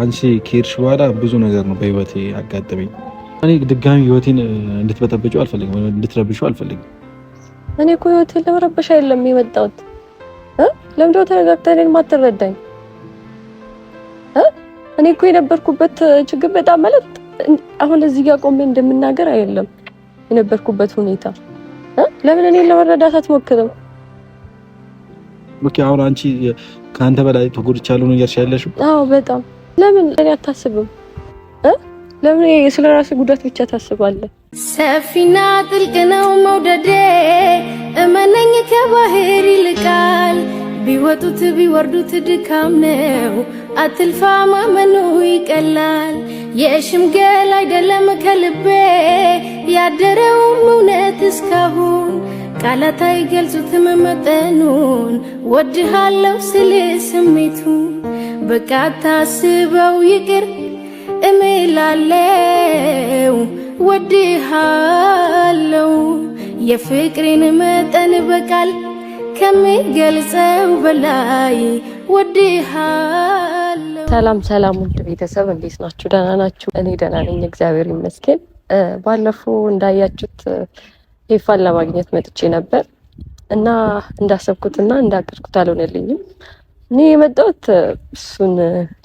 አንቺ ከሄድሽ በኋላ ብዙ ነገር ነው በህይወቴ አጋጠመኝ። እኔ ድጋሚ ህይወቴን እንድትበጠብጪው አልፈልግም፣ እንድትረብሺው አልፈልግም። እኔ እኮ ህይወቴን ለመረበሻ የለም የመጣሁት። ለምንድን ነው ተረጋግተህ እኔን ማትረዳኝ? እኔ እኮ የነበርኩበት ችግር በጣም ማለት አሁን እዚህ ጋር ቆሜ እንደምናገር አይደለም የነበርኩበት ሁኔታ። ለምን እኔን ለመረዳት አትሞክርም? ኦኬ አሁን አንቺ ከአንተ በላይ ተጎድቻለሁ ነው እያልሽ ያለሽው? አዎ በጣም ለምን እኔ አታስብም? ለምን ስለ ራስ ጉዳት ብቻ ታስባለህ? ሰፊና ጥልቅ ነው መውደዴ፣ እመነኝ ከባህር ይልቃል። ቢወጡት ቢወርዱት ድካም ነው፣ አትልፋ ማመኑ ይቀላል። የሽምገል አይደለም ከልቤ ያደረውም እውነት እስካሁን ቃላት አይገልጹትም መጠኑን፣ ወድሃለው ስል ስሜቱን በቃ ታስበው ይቅር እምላለው ወድሃለው የፍቅሬን መጠን በቃል ከሚገልጸው በላይ ወድሃለው። ሰላም ሰላም፣ ውድ ቤተሰብ እንዴት ናችሁ? ደህና ናችሁ? እኔ ደህና ነኝ፣ እግዚአብሔር ይመስገን። ባለፈው እንዳያችሁት ሄፋን ለማግኘት መጥቼ ነበር እና እንዳሰብኩትና እንዳቀድኩት አልሆነልኝም። እኔ የመጣሁት እሱን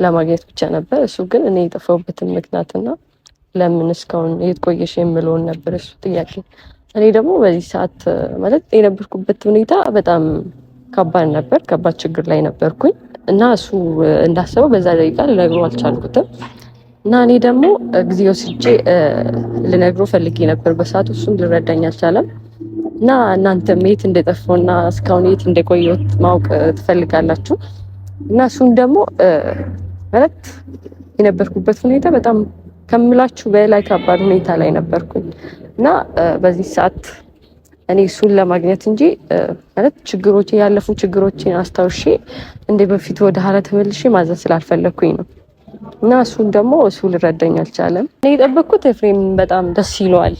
ለማግኘት ብቻ ነበር። እሱ ግን እኔ የጠፋሁበትን ምክንያትና ለምን እስካሁን የት ቆየሽ የምለውን ነበር እሱ ጥያቄ። እኔ ደግሞ በዚህ ሰዓት ማለት የነበርኩበት ሁኔታ በጣም ከባድ ነበር። ከባድ ችግር ላይ ነበርኩኝ እና እሱ እንዳሰበው በዛ ደቂቃ ልነግሮ አልቻልኩትም እና እኔ ደግሞ ጊዜ ወስጄ ልነግሮ ፈልጌ ነበር በሰዓቱ፣ እሱም ልረዳኝ አልቻለም። እና እናንተም የት እንደጠፋሁ እስካሁን የት እንደቆየሁት ማወቅ ትፈልጋላችሁ እና እሱም ደግሞ ማለት የነበርኩበት ሁኔታ በጣም ከምላችሁ በላይ ከባድ ሁኔታ ላይ ነበርኩኝ እና በዚህ ሰዓት እኔ እሱን ለማግኘት እንጂ ማለት ችግሮች ያለፉ ችግሮችን አስታውሼ እንደ በፊት ወደ ኋላ ተመልሼ ማዘን ስላልፈለግኩኝ ነው። እና እሱን ደግሞ እሱ ልረዳኝ አልቻለም። እኔ ፍሬም ኤፍሬም በጣም ደስ ይለዋል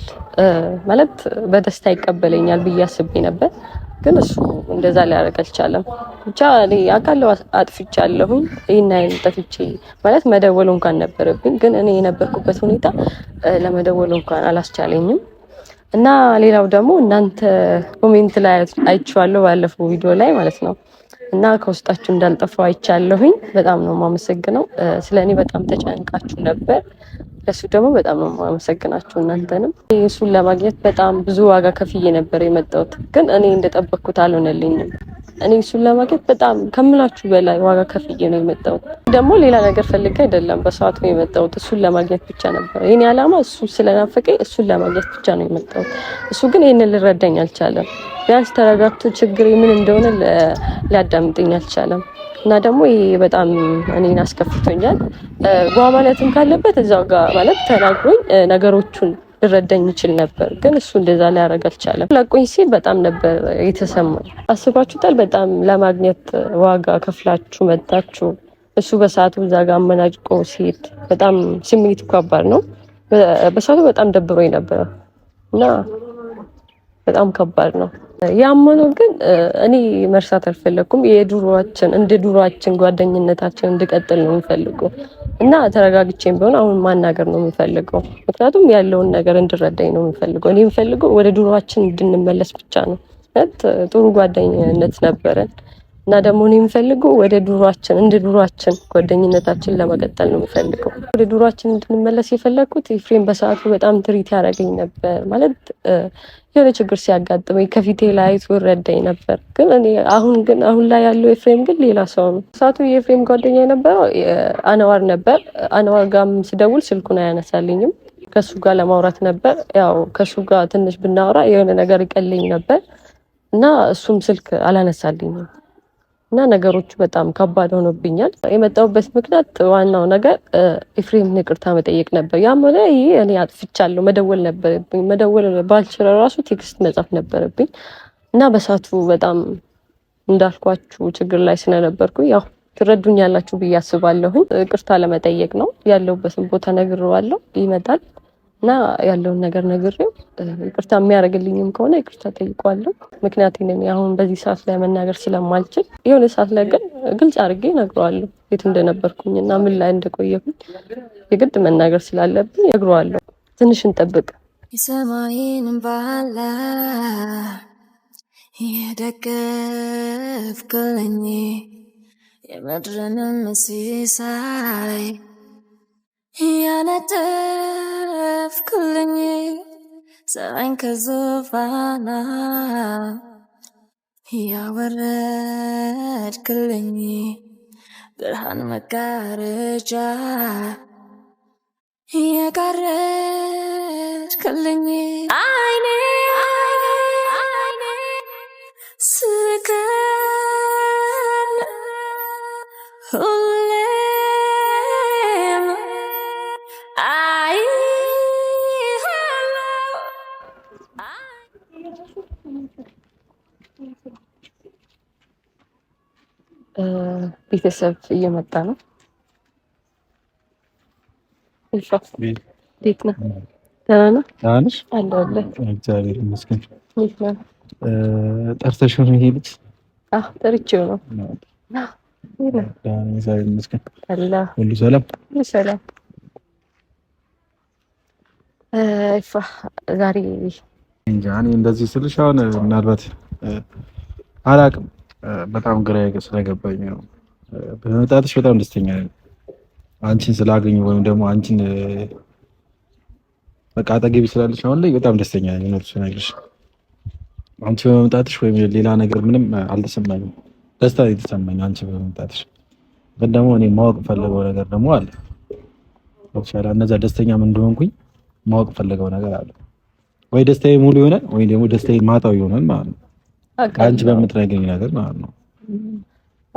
ማለት በደስታ ይቀበለኛል ብዬ አስቤ ነበር፣ ግን እሱ እንደዛ ሊያደርግ አልቻለም። ብቻ እኔ አውቃለሁ አጥፍቻለሁኝ፣ ይህን አይነት ጠፍቼ ማለት መደወል እንኳን ነበረብኝ፣ ግን እኔ የነበርኩበት ሁኔታ ለመደወል እንኳን አላስቻለኝም። እና ሌላው ደግሞ እናንተ ኮሜንት ላይ አይቼዋለሁ ባለፈው ቪዲዮ ላይ ማለት ነው እና ከውስጣችሁ እንዳልጠፋው አይቻለሁኝ። በጣም ነው የማመሰግነው። ስለ እኔ በጣም ተጨንቃችሁ ነበር። ለሱ ደግሞ በጣም ነው የማመሰግናችሁ እናንተንም። እሱን ለማግኘት በጣም ብዙ ዋጋ ከፍዬ ነበር የመጣሁት፣ ግን እኔ እንደጠበቅኩት አልሆነልኝም። እኔ እሱን ለማግኘት በጣም ከምላችሁ በላይ ዋጋ ከፍዬ ነው የመጣሁት። ደግሞ ሌላ ነገር ፈልጌ አይደለም በሰዓቱ ነው የመጣሁት። እሱን ለማግኘት ብቻ ነበር የኔ ዓላማ። እሱ ስለናፈቀኝ እሱን ለማግኘት ብቻ ነው የመጣሁት። እሱ ግን ይህንን ልረዳኝ አልቻለም። ቢያንስ ተረጋግቶ ችግር ምን እንደሆነ ሊያዳምጠኝ አልቻለም። እና ደግሞ ይሄ በጣም እኔን አስከፍቶኛል። ጓ ማለትም ካለበት እዛው ጋር ማለት ተናግሮኝ ነገሮቹን ልረዳኝ ይችል ነበር፣ ግን እሱ እንደዛ ሊያደርግ አልቻለም። ለቆኝ ሲል በጣም ነበር የተሰማኝ። አስባችሁታል? በጣም ለማግኘት ዋጋ ከፍላችሁ መጣችሁ። እሱ በሰዓቱ እዛ ጋር አመናጭቆ ሲሄድ በጣም ስሜት ከባድ ነው። በሰዓቱ በጣም ደብሮኝ ነበር እና በጣም ከባድ ነው። ያመኑ ግን እኔ መርሳት አልፈለግኩም። የድሮችን እንደ ድሮችን ጓደኝነታችን እንድቀጥል ነው የምፈልገው እና ተረጋግቼም ቢሆን አሁን ማናገር ነው የምፈልገው። ምክንያቱም ያለውን ነገር እንድረዳኝ ነው የምፈልገው። እኔ የምፈልገው ወደ ድሮችን እንድንመለስ ብቻ ነው። ጥሩ ጓደኝነት ነበረን እና ደግሞ እኔ የምፈልገው ወደ ድሯችን እንደ ድሯችን ጓደኝነታችን ለመቀጠል ነው የምፈልገው። ወደ ድሯችን እንድንመለስ የፈለግኩት ኤፍሬም በሰዓቱ በጣም ትሪት ያደረገኝ ነበር ማለት የሆነ ችግር ሲያጋጥመኝ ከፊቴ ላይ አይቶ ረዳኝ ነበር። ግን እኔ አሁን ግን አሁን ላይ ያለው ኤፍሬም ግን ሌላ ሰው ነው። እሳቱ የኤፍሬም ጓደኛ የነበረው አነዋር ነበር። አነዋር ጋርም ስደውል ስልኩን አያነሳልኝም። ከሱ ጋር ለማውራት ነበር። ያው ከሱ ጋር ትንሽ ብናወራ የሆነ ነገር ይቀልኝ ነበር እና እሱም ስልክ አላነሳልኝም። እና ነገሮቹ በጣም ከባድ ሆኖብኛል። የመጣሁበት ምክንያት ዋናው ነገር ኤፍሬም ይቅርታ መጠየቅ ነበር። ያም ሆነ ይህ እኔ አጥፍቻለሁ መደወል ነበረብኝ። መደወል ባልችል ራሱ ቴክስት መጻፍ ነበረብኝ እና በሳቱ በጣም እንዳልኳችሁ ችግር ላይ ስለነበርኩ ያው ትረዱኛላችሁ ብዬ አስባለሁኝ። ይቅርታ ለመጠየቅ ነው ያለሁበትን ቦታ ነግሬዋለሁ። ይመጣል እና ያለውን ነገር ነግሬው ይቅርታ የሚያደርግልኝም ከሆነ ይቅርታ ጠይቋለሁ። ምክንያት አሁን በዚህ ሰዓት ላይ መናገር ስለማልችል የሆነ ሰዓት ላይ ግን ግልጽ አድርጌ ነግረዋለሁ የት እንደነበርኩኝ እና ምን ላይ እንደቆየኩኝ የግድ መናገር ስላለብኝ ነግረዋለሁ። ትንሽ እንጠብቅ። የሰማይን ባለ የደገፍክልኝ የምድርንም ሲሳይ ያነጠፍክልኝ ሰማይን ከዙፋና ያወረድክልኝ ብርሃን መጋረጃ ያጋረድክልኝ አይኔ ስከ ቤተሰብ እየመጣ ነው። እንዴት ነህ? ደህና ነህ? ደህና ነሽ? አለሁልህ። እግዚአብሔር ይመስገን። ጠርተሽው ነው አዎ ጠርቼው ነው። እግዚአብሔር ይመስገን። ሁሉ ሰላም፣ ሁሉ ሰላም። ይፋ ዛሬ እንጃ እኔ እንደዚህ ስልሽ አሁን ምናልባት አላቅም በጣም ግራ ስለገባኝ ነው በመጣትሽ በጣም ደስተኛ ነኝ። አንቺን ስላገኙ ወይም ደግሞ አንቺን በቃ አጠገቢ ስላለሽ አሁን ላይ በጣም ደስተኛ ነኝ። እውነቱን ስነግርሽ አንቺ በመምጣትሽ ወይም ሌላ ነገር ምንም አልተሰማኝም። ደስታ የተሰማኝ አንቺ በመምጣትሽ ግን ደግሞ እኔ ማወቅ ፈለገው ነገር ደግሞ አለ ይቻላ እነዛ ደስተኛም እንደሆንኩኝ ማወቅ ፈለገው ነገር አለ ወይ ደስታዬ ሙሉ ይሆናል ወይ ደግሞ ደስታዬ ማጣው ይሆናል ማለት ነው። አንቺ በምትነግሪኝ ነገር ማለት ነው።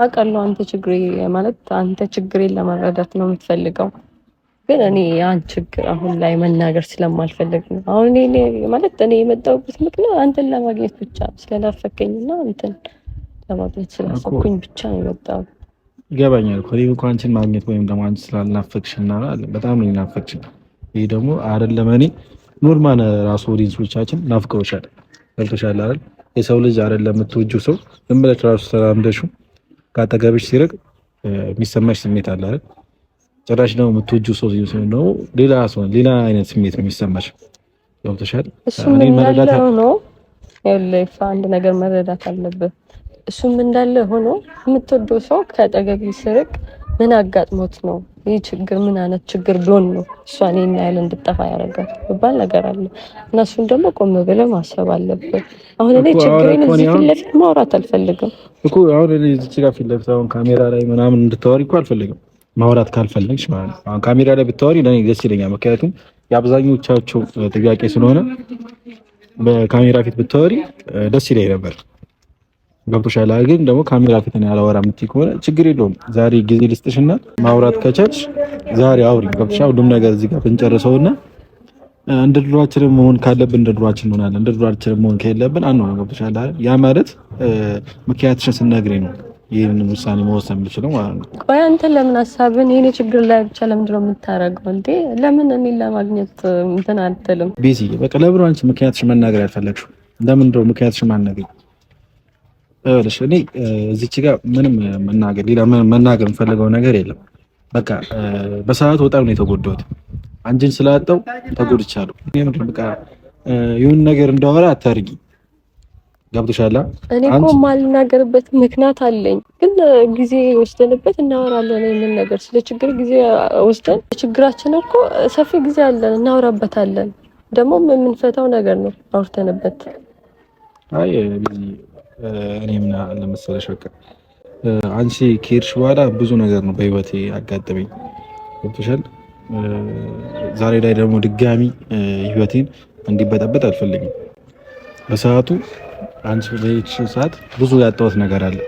አውቃለሁ አንተ ችግሬ ማለት አንተ ችግሬን ለመረዳት ነው የምትፈልገው፣ ግን እኔ ያን ችግር አሁን ላይ መናገር ስለማልፈልግ ነው። አሁን እኔ ማለት እኔ የመጣሁበት ምክንያት አንተን ለማግኘት ብቻ ስለናፈከኝና አንተን ለማግኘት ስላሰብኩኝ ብቻ ነው የመጣው። ይገባኛል ኮሪ እኔም አንቺን ማግኘት ወይም ደግሞ አንቺ ስላልናፈቅሽና በጣም ነው የናፈቅሽን። ይህ ደግሞ አይደለም እኔ ኖርማን ራሱ ኦዲየንሶቻችን ናፍቀውሻል፣ ገብቶሻል አይደል? የሰው ልጅ አይደለም የምትወጂው ሰው ዝም ብለሽ ራሱ ተላምደሽው ከአጠገብሽ ሲርቅ የሚሰማሽ ስሜት አለ አይደል? ጭራሽ ነው የምትወጁ ሰው ሲሆን ነው ሌላ ሰው ሌላ አይነት ስሜት ነው የሚሰማሽ። ገብቶሻል? አንድ ነገር መረዳት አለብህ። እሱም እንዳለ ሆኖ የምትወደው ሰው ከአጠገብ ሲርቅ ምን አጋጥሞት ነው ይህ ችግር ምን አይነት ችግር ዶን ነው እሷን ይህን ያህል እንድጠፋ ያደርጋል ይባል ነገር አለ እና እሱን ደግሞ ቆም ብለህ ማሰብ አለበት። አሁን እኔ ችግሬን እዚህ ፊት ለፊት ማውራት አልፈልግም እኮ አሁን እኔ እዚህ ጋር ፊት ለፊት አሁን ካሜራ ላይ ምናምን እንድታወሪ እኮ አልፈልግም። ማውራት ካልፈለግሽ ማለት ነው። አሁን ካሜራ ላይ ብታወሪ ለእኔ ደስ ይለኛል። ምክንያቱም የአብዛኞቻቸው ጥያቄ ስለሆነ በካሜራ ፊት ብታወሪ ደስ ይለኝ ነበር። ገብቶሻል ግን ደግሞ ካሜራ ፊት ነው ያላወራ የምትይ ከሆነ ችግር የለውም። ዛሬ ጊዜ ልስጥሽና ማውራት ከቻልሽ ዛሬ አውሪ። ገብቶሻል ሁሉም ነገር እዚህ ጋር ብንጨርሰውና እንደ ድሯችን መሆን ካለብን እንደ ድሯችን እንሆናለን። እንደ ድሯችን መሆን ከሌለብን አንሆንም። ገብቶሻል ያ ማለት ምክንያትሽን ስነግሬ ነው ይህንን ውሳኔ መወሰን የምችለው ማለት ነው። ቆይ አንተ ለምን ሀሳብን የኔ ችግር ላይ ብቻ ለምንድን ነው የምታደርገው እንዴ? ለምን እኔን ለማግኘት እንትን አትልም? ቤዚ በቃ ለምን አንቺ ምክንያትሽ መናገር ያልፈለግሽው? ለምንድን ነው ምክንያትሽ ማናገር እልሽ እኔ እዚች ጋር ምንም መናገር ሌላ መናገር የምፈልገው ነገር የለም። በቃ በሰዓቱ በጣም ነው የተጎዳሁት። አንቺን ስላጣው ተጎድቻለሁ። በቃ ይሁን ነገር እንዳወራ አታርጊ። ገብቶሻል። እኔ እኮ የማልናገርበት ምክንያት አለኝ፣ ግን ጊዜ ወስደንበት እናወራለን። ይህንን ነገር ስለ ችግር ጊዜ ወስደን ችግራችን እኮ ሰፊ ጊዜ አለን፣ እናወራበታለን። ደግሞ የምንፈታው ነገር ነው አውርተንበት። አይ እኔ ምን ለመሰለሽ በቃ አንቺ ከሄድሽ በኋላ ብዙ ነገር ነው በህይወቴ አጋጠመኝ። ገብቶሻል። ዛሬ ላይ ደግሞ ድጋሚ ህይወቴን እንዲበጠበጥ አልፈልግም። በሰዓቱ አንቺ በሄድሽ ሰዓት ብዙ ያጣሁት ነገር አለ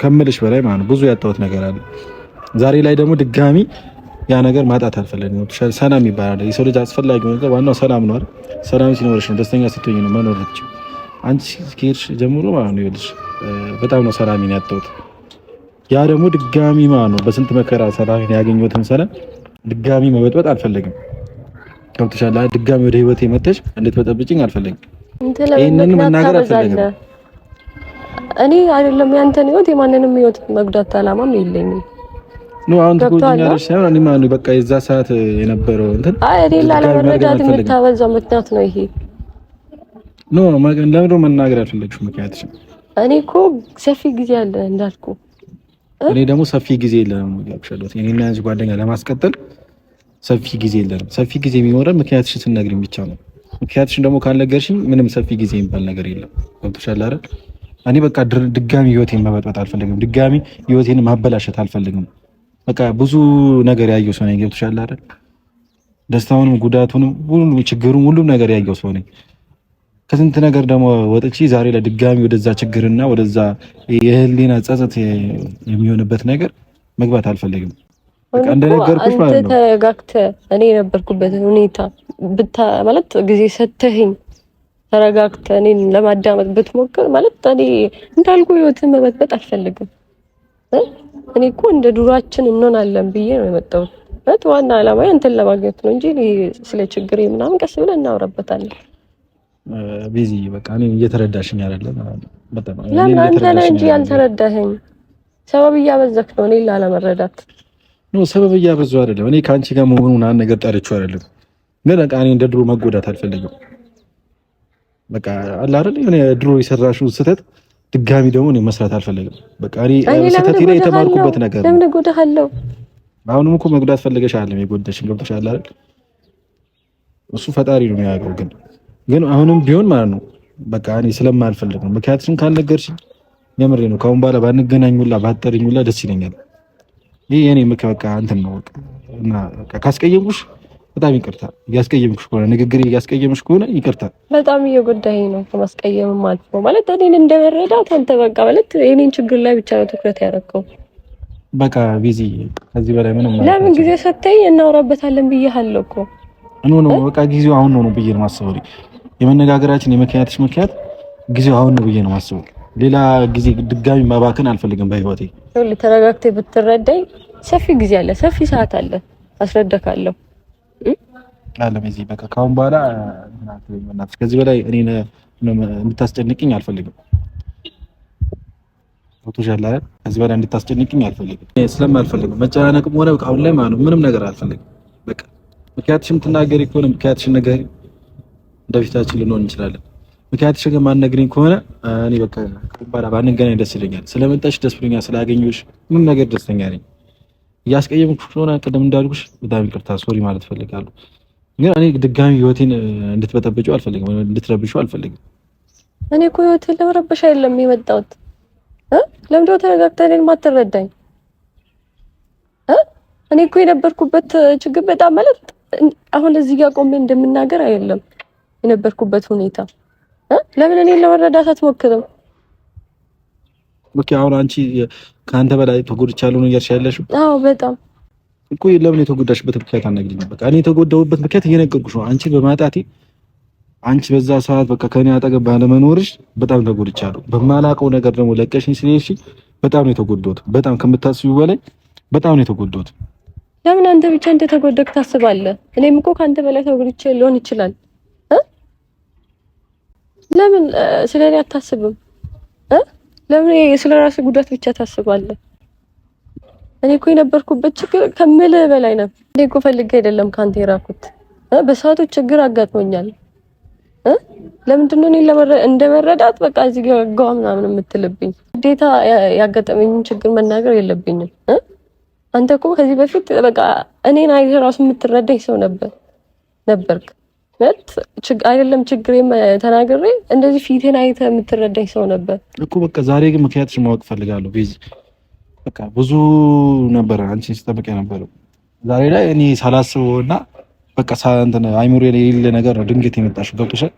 ከምልሽ በላይ ማለት ነው። ብዙ ያጣሁት ነገር አለ። ዛሬ ላይ ደግሞ ድጋሚ ያ ነገር ማጣት አልፈለግም። ሰላም ይባላል። የሰው ልጅ አስፈላጊው ነገር ዋናው ሰላም ነው አይደል? ሰላም ሲኖርሽ ነው ደስተኛ ስትሆኝ ነው መኖር አንቺ ከሄድሽ ጀምሮ ማለት ነው ይኸውልሽ በጣም ነው ሰላሜን ያጣሁት። ያ ደግሞ ድጋሚ ማለት ነው በስንት መከራ ሰላሜን ያገኘሁትን ሰላም ድጋሚ መበጥበጥ አልፈለግም። ገብቶሻል? ድጋሚ ወደ ህይወቴ መተሽ እንድትበጠብጭኝ አልፈለግም። ይህንን መናገር አልፈለግም። እኔ አይደለም ያንተን ህይወት የማንንም ህይወት መጉዳት አላማም የለኝም። ኖ አሁን ትጎጂኛለሽ ሳይሆን እኔ ማለት ነው በቃ የዛ ሰዓት የነበረው እንትን አይ እኔ ላለመረዳት የምታበዛው ምክንያት ነው ይሄ ኖ ለምዶ መናገር ያልፈለግሽው ምክንያት እኔ እኮ ሰፊ ጊዜ አለ እንዳልኩ፣ እኔ ደግሞ ሰፊ ጊዜ የለንም። ያብሻለት እኔና ያንቺ ጓደኛ ለማስቀጠል ሰፊ ጊዜ የለንም። ሰፊ ጊዜ የሚኖረን ምክንያትሽን ስነግሪኝ ብቻ ነው። ምክንያትሽን ደግሞ ካልነገርሽኝ ምንም ሰፊ ጊዜ የሚባል ነገር የለም። ገብቶሻል አይደል? እኔ በቃ ድጋሚ ህይወቴን መበጥበጥ አልፈልግም። ድጋሚ ህይወቴን ማበላሸት አልፈልግም። በቃ ብዙ ነገር ያየው ሰው ነኝ። ገብቶሻል አይደል? ደስታውንም ጉዳቱንም ሁሉም ችግሩም ሁሉም ነገር ያየው ሰው ነኝ። ከስንት ነገር ደግሞ ወጥቼ ዛሬ ለድጋሚ ወደዛ ችግርና ወደዛ የህሊና ጸጸት የሚሆንበት ነገር መግባት አልፈልግም። እንደነገርኩሽ ማለት ነው። ተረጋግተህ እኔ የነበርኩበትን ሁኔታ ብታ ማለት ጊዜ ሰተህኝ ተረጋግተ እኔን ለማዳመጥ ብትሞክር ማለት እኔ እንዳልኩ ህይወትን መበጥበጥ አልፈልግም። እኔ እኮ እንደ ዱራችን እንሆናለን ብዬ ነው የመጣሁት። ዋና አላማዬ አንተን ለማግኘት ነው እንጂ ስለ ችግር ምናምን ቀስ ብለን እናውረበታለን። ቢዚ በቃ እኔ እየተረዳሽኝ አይደለም። በጣም ለምን አንተ ነህ እንጂ ያልተረዳኸኝ፣ ሰበብ እያበዘክ ነው እኔ ላለመረዳት። ኖ ሰበብ እያበዙ አይደለም። እኔ ከአንቺ ጋር መሆኑ አንድ ነገር ጠርቼው አይደለም፣ ግን በቃ እኔ እንደ ድሮ መጎዳት አልፈልግም። በቃ አለ አይደል የሆነ ድሮ የሰራሽው ስህተት ድጋሚ ደግሞ እኔ መስራት አልፈልግም። በቃ እኔ ስህተቴ ላይ የተማርኩበት ነገር ለምን እጎዳሃለሁ? አሁንም እኮ መጉዳት ፈልገሽ አለም የጎዳሽን ገብቶሻል አይደል? እሱ ፈጣሪ ነው የሚያውቀው ግን ግን አሁንም ቢሆን ማለት ነው በቃ እኔ ስለማልፈልግ ነው። ምክንያቱም ካልነገርሽኝ የምሬ ነው ከአሁን በኋላ ባንገናኙላ ባጠሪኙላ ደስ ይለኛል። ይህ የኔ ምክ በቃ እንትን ነው እና ካስቀየምኩሽ በጣም ይቅርታ። እያስቀየምኩሽ ከሆነ ንግግር እያስቀየምሽ ከሆነ ይቅርታ። በጣም እየጎዳኸኝ ነው ከማስቀየምም አልፎ ማለት እኔን እንደመረዳት አንተ በቃ ማለት የኔን ችግር ላይ ብቻ ነው ትኩረት ያደረገው። በቃ ቢዚ ከዚህ በላይ ምንም ለምን ጊዜ ሰተኝ እናውራበታለን ብዬ አለው እኮ ነው በቃ ጊዜው አሁን ነው ነው ብዬ ነው ማስበው የመነጋገራችን የመከያትሽ መከያት ጊዜው አሁን ነው ብዬ ነው ማስበው። ሌላ ጊዜ ድጋሚ ማባከን አልፈልግም በህይወቴ። ተረጋግተህ ብትረዳኝ ሰፊ ጊዜ አለ፣ ሰፊ ሰዓት አለ። አስረዳካለሁ አለም እዚህ በቃ ካሁን በኋላ እናትሽ ከዚህ በላይ እኔ እንድታስጨንቅኝ አልፈልግም። ፎቶሻል አይደል? ከዚህ በላይ እንድታስጨንቅኝ አልፈልግም። ስለማልፈልግም መጨናነቅም ሆነ አሁን ላይ ማለት ምንም ነገር አልፈልግም። በቃ ምክንያትሽም ትናገሪ ከሆነ ምክንያትሽን ነገር እንደፊታችን ልንሆን እንችላለን። ምክንያት ሸገ ማንነግረኝ ከሆነ እኔ በቃ ባላ ባንገናኝ ደስ ይለኛል። ስለመጣሽ ደስ ብሎኛል። ስላገኘሁሽ ምንም ነገር ደስተኛ ነኝ። እያስቀየምኩሽ ሆነ ቅድም እንዳልኩሽ በጣም ይቅርታ ሶሪ ማለት ፈልጋለሁ። ግን እኔ ድጋሚ ህይወቴን እንድትበጠብጪው አልፈልግም፣ እንድትረብሺው አልፈልግም። እኔ እኮ ህይወቴን ለመረበሽ አይደለም የመጣሁት። ለምንድን ነው ተረጋግተህ እኔን ማትረዳኝ? እኔ እኮ የነበርኩበት ችግር በጣም ማለት አሁን እዚህ ጋር ቆሜ እንደምናገር አይደለም የነበርኩበት ሁኔታ ለምን እኔን ለመረዳት አትሞክርም? ኦኬ አሁን አንቺ ከአንተ በላይ ተጎድቻለሁ ነው እያልሽ ያለሽው? አዎ በጣም እኮ ለምን የተጎዳሽበት ምክንያት አናግሪኝ። በቃ እኔ የተጎዳሁበት ምክንያት እየነገርኩሽ ነው። አንቺ በማጣቴ አንቺ በዛ ሰዓት በቃ ከኔ አጠገብ ባለመኖርሽ በጣም ተጎድቻለሁ። በማላውቀው ነገር ደግሞ ለቀሽኝ ስለሽ በጣም ነው የተጎዳሁት። በጣም ከምታስቢው በላይ በጣም ነው የተጎዳሁት። ለምን አንተ ብቻ እንደተጎዳክ ታስባለህ? እኔም እኮ ከአንተ በላይ ተጎድቼ ሊሆን ይችላል ለምን ስለ እኔ አታስብም? ለምን ስለ ራስህ ጉዳት ብቻ ታስባለህ? እኔ እኮ የነበርኩበት ችግር ከምልህ በላይ ነው። እኔ እኮ ፈልጌ አይደለም ካንተ የራኩት። በሰዓቱ ችግር አጋጥሞኛል። ለምንድን ነው እኔ እንደመረዳት በቃ እዚህ ጋር ምናምን የምትልብኝ? ግዴታ ያጋጠመኝን ችግር መናገር የለብኝም። አንተ እኮ ከዚህ በፊት በቃ እኔን አይተህ ራሱ የምትረዳኝ ሰው ነበር ነበርክ። ማለት አይደለም ችግሬም ተናግሬ እንደዚህ ፊቴን አይተ የምትረዳኝ ሰው ነበር እኮ። በቃ ዛሬ ግን ምክንያትሽን ማወቅ ፈልጋለሁ። ቤዛ በቃ ብዙ ነበረ አንቺ ስጠብቅ የነበረው ዛሬ ላይ እኔ ሳላስበው እና በቃ አይምሮ የሌለ ነገር ነው ድንገት የመጣሽ ገብቶሻል?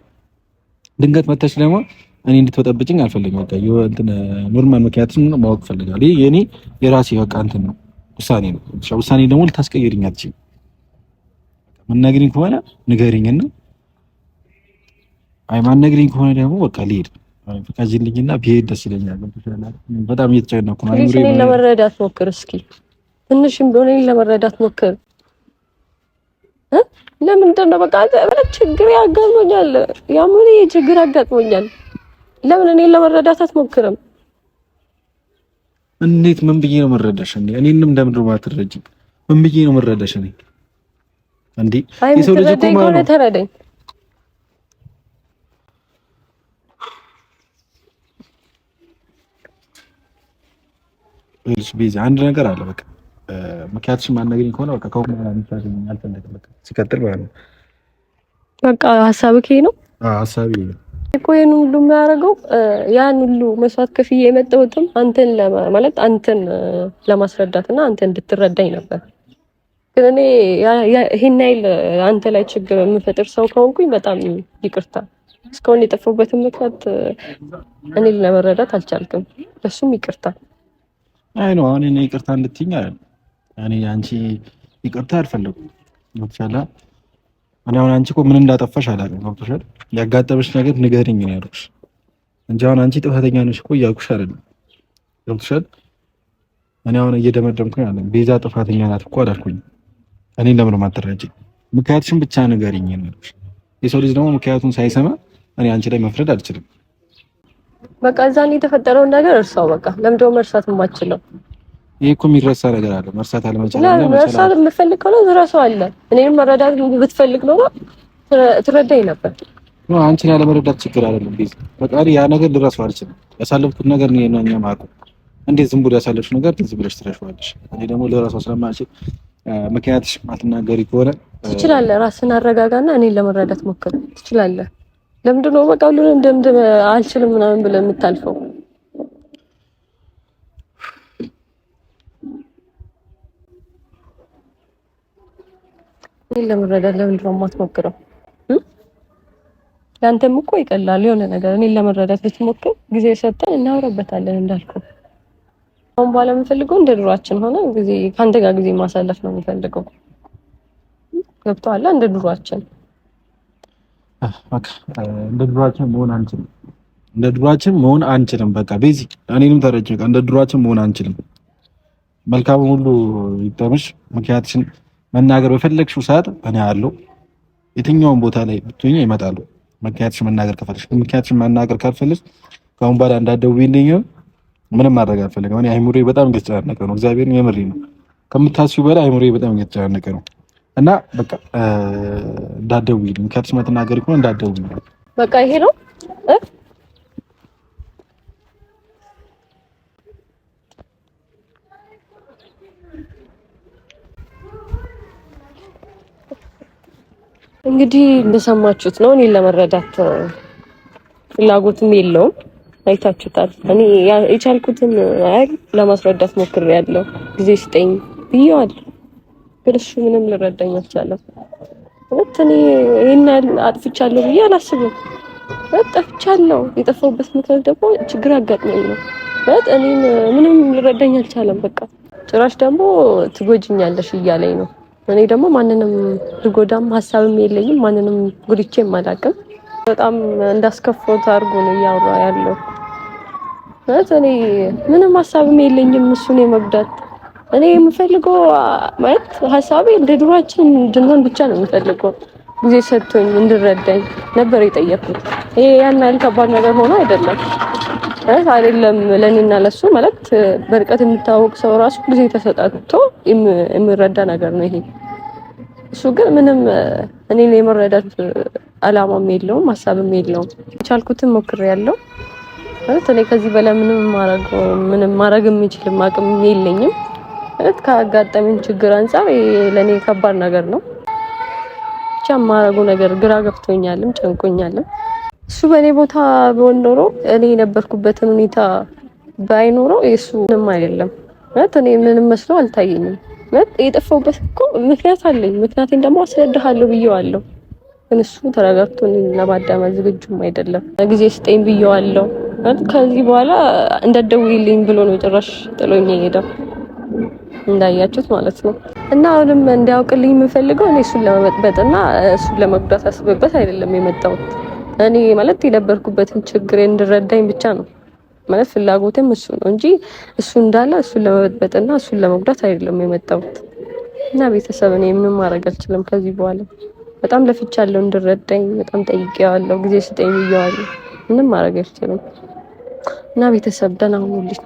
ድንገት መተሽ ደግሞ እኔ እንድትበጠብጭኝ አልፈልግም። በቃ ኖርማል ምክንያትሽን ማወቅ እፈልጋለሁ። ይህ የኔ የራሴ በቃ እንትን ነው ውሳኔ ነው። ውሳኔ ደግሞ ልታስቀይሪኝ አትችይም። የምትነግሪኝ ከሆነ ንገሪኝና አይ ማነግሪኝ ከሆነ ደግሞ በቃ ልሄድ ፍቃጅልኝና ብሄድ ደስ ይለኛል። በጣም እየተጨነኩ ነው። እኔን ለመረዳት ሞክር እስኪ ትንሽም ቢሆን እኔን ለመረዳት ሞክር። ለምንድን ነው በቃ ችግር ያጋጥሞኛል፣ ያምን ችግር አጋጥሞኛል። ለምን እኔን ለመረዳት አትሞክርም? እንዴት ምን ብዬ ነው መረዳሽ? እኔንም ለምንድን ነው የማትረጂኝ? ምን ብዬ ነው መረዳሽ? እኔ እንዴ የሰው ልጅ እኮ ማለት ተረዳኝ። አንድ ነገር አለ። በቃ ከሆነ በቃ በቃ ሲቀጥል ማለት ነው። በቃ ነው። እኮ። ሁሉ የሚያደርገው ያን ሁሉ መስዋዕት ከፍዬ የመጣሁትም አንተን አንተን ለማስረዳትና አንተን እንድትረዳኝ ነበር። ግን እኔ ይህን ያህል አንተ ላይ ችግር የምፈጥር ሰው ከሆንኩኝ በጣም ይቅርታ። እስካሁን የጠፋሁበትን ምክንያት እኔ ለመረዳት አልቻልክም። እሱም ይቅርታ። አይ ነው አሁን እኔ ይቅርታ እንድትይኝ አይደል? እኔ አንቺ ይቅርታ አልፈለኩም። ይቻላ እኔ አሁን አንቺ እኮ ምን እንዳጠፋሽ አላውቅም። ገብቶሻል? ያጋጠመሽ ነገር ንገሪኝ ነው ያልኩሽ እንጂ አሁን አንቺ ጥፋተኛ ነሽ እኮ እያልኩሽ አይደለም። ገብቶሻል? እኔ አሁን እየደመደምኩኝ አለ ቤዛ ጥፋተኛ ናት እኮ አላልኩኝም። እኔ ለምን ማተራጭ? ምክንያትሽን ብቻ ንገሪኝ ነው። የሰው ልጅ ደግሞ ምክንያቱን ሳይሰማ እኔ አንቺ ላይ መፍረድ አልችልም። በቃ እዛን የተፈጠረውን ነገር እርሷ በቃ ለምደው መርሳት የማችለው ይሄ እኮ የሚረሳ ነገር አለ። መርሳት አልመቻለ ነው። መርሳት የምፈልግ ከሆነ ዝረሳው አለ። እኔም መረዳት ብትፈልግ ኖሮ ትረዳኝ ነበር። አንቺን ያለመረዳት ችግር አይደለም ቢዝ በቃ ያ ነገር ልረሳው አልችልም። ያሳለፍኩት ነገር ነው የኛ ማቆም እንዴት ዝም ብሎ ያሳለፍሽው ነገር ትዝ ብለሽ ትረሺዋለሽ። እኔ ደግሞ ለራሷ ስለማልችል ምክንያትሽ ማትናገሪ ከሆነ ትችላለህ። ራስን አረጋጋና እኔን ለመረዳት ሞክር። ትችላለህ። ለምንድን ነው በቃ ሁሉንም እንደምድ አልችልም ምናምን ብለህ የምታልፈው? እኔን ለመረዳት ለምንድን ነው የማትሞክረው? ለአንተም እኮ ይቀላል የሆነ ነገር እኔን ለመረዳት ብትሞክር ጊዜ ሰጠን እናውረበታለን እንዳልኩ አሁን በኋላ የምፈልገው እንደ ድሯችን ሆነ ጊዜ ከአንተ ጋር ጊዜ ማሳለፍ ነው የምፈልገው። ገብቶሃል? እንደ ድሯችን እንደ ድሯችን መሆን አንችልም። እንደ ድሯችን መሆን አንችልም። በቃ ቤዚ እኔንም ተረጭ። በቃ እንደ ድሯችን መሆን አንችልም። መልካም ሁሉ ይጠምሽ። ምክንያትሽን መናገር በፈለግሽው ሰዓት እኔ አለው። የትኛውን ቦታ ላይ ብትኛ ይመጣሉ። ምክንያትሽን መናገር ከፈለግሽ፣ ምክንያትሽን መናገር ካልፈለግሽ ከአሁን በኋላ እንዳትደውይልኝ ምንም ማድረግ አልፈልግም። እኔ አይሙሬ በጣም እየተጨናነቀ ነው። እግዚአብሔርን የምሬ ነው። ከምታስቢው በላይ አይሙሬ በጣም እየተጨናነቀ ነው እና በቃ እንዳትደውይልኝ፣ ከትስመትና ሀገር ይሁን እንዳትደውይልኝ። በቃ ይሄ ነው እንግዲህ እንደሰማችሁት ነው። እኔን ለመረዳት ፍላጎትም የለውም አይታችሁታል። እኔ የቻልኩትን ያህል ለማስረዳት ያለው ጊዜ ስጠኝ ብዬዋል፣ ግን እሱ ምንም ልረዳኝ አልቻለም። ወጥ እኔ ይሄን አጥፍቻለሁ ብዬ አላስብም። ጠፍቻለሁ። የጠፋሁበት ምክንያት ደግሞ ችግር አጋጥሞኝ ነው። ወጥ እኔን ምንም ልረዳኝ አልቻለም። በቃ ጭራሽ ደግሞ ትጎጅኛለሽ እያለኝ ነው። እኔ ደግሞ ማንንም ልጎዳም ሀሳብም የለኝም። ማንንም ጉድቼም አላውቅም። በጣም እንዳስከፋሁት አድርጎ ነው እያወራ ያለው። ማለት እኔ ምንም ሀሳብም የለኝም እሱን የመጉዳት። እኔ የምፈልገው ማለት ሀሳቤ እንደ ድሯችን እንድንሆን ብቻ ነው የምፈልገው። ጊዜ ሰጥቶኝ እንድረዳኝ ነበር የጠየኩት። ይሄ ያን ያህል ከባድ ነገር ሆኖ አይደለም ማለት አይደለም። ለእኔና ለሱ ማለት በርቀት የሚታወቅ ሰው ራሱ ጊዜ ተሰጣጥቶ የሚረዳ ነገር ነው ይሄ። እሱ ግን ምንም እኔ የመረዳት አላማም የለውም ሀሳብም የለውም። የቻልኩትን ሞክሬያለሁ። እኔ ከዚህ በላይ ምንም ማረግ ምንም ማረግ የምችልም አቅም የለኝም። ካጋጠመኝ ችግር አንጻር ለእኔ ከባድ ነገር ነው። ብቻ ማረጉ ነገር ግራ ገብቶኛልም ጨንቆኛልም። እሱ በእኔ ቦታ ቢሆን ኖሮ እኔ የነበርኩበትን ሁኔታ ባይኖረው የእሱ ምንም አይደለም። ማለት እኔ ምንም መስሎ አልታየኝም። ማለት የጠፋሁበት እኮ ምክንያት አለኝ። ምክንያቴን ደግሞ አስረድሃለሁ ብዬዋለሁ። ግን እሱ ተረጋግቶ ለማዳመጥ ዝግጁም አይደለም። ጊዜ ስጠኝ ብየዋለሁ። ከዚህ በኋላ እንዳትደውይልኝ ብሎ ነው ጭራሽ ጥሎኝ የሄደው እንዳያችሁት ማለት ነው። እና አሁንም እንዲያውቅልኝ የምንፈልገው እኔ እሱን እና እሱን ለመጉዳት አስብበት አይደለም የመጣሁት። እኔ ማለት የነበርኩበትን ችግር እንድረዳኝ ብቻ ነው ማለት ፍላጎትም እሱ ነው እንጂ እሱ እንዳለ እሱን እና እሱን ለመጉዳት አይደለም የመጣሁት። እና ቤተሰብ እኔ ምን ማድረግ አልችልም ከዚህ በኋላ በጣም ለፍቻለሁ እንድረዳኝ በጣም ጠይቄዋለሁ ጊዜ ስጠኝ ብዬዋለሁ ምንም ማድረግ አልችልም እና ቤተሰብ ደህና ሁኑልኝ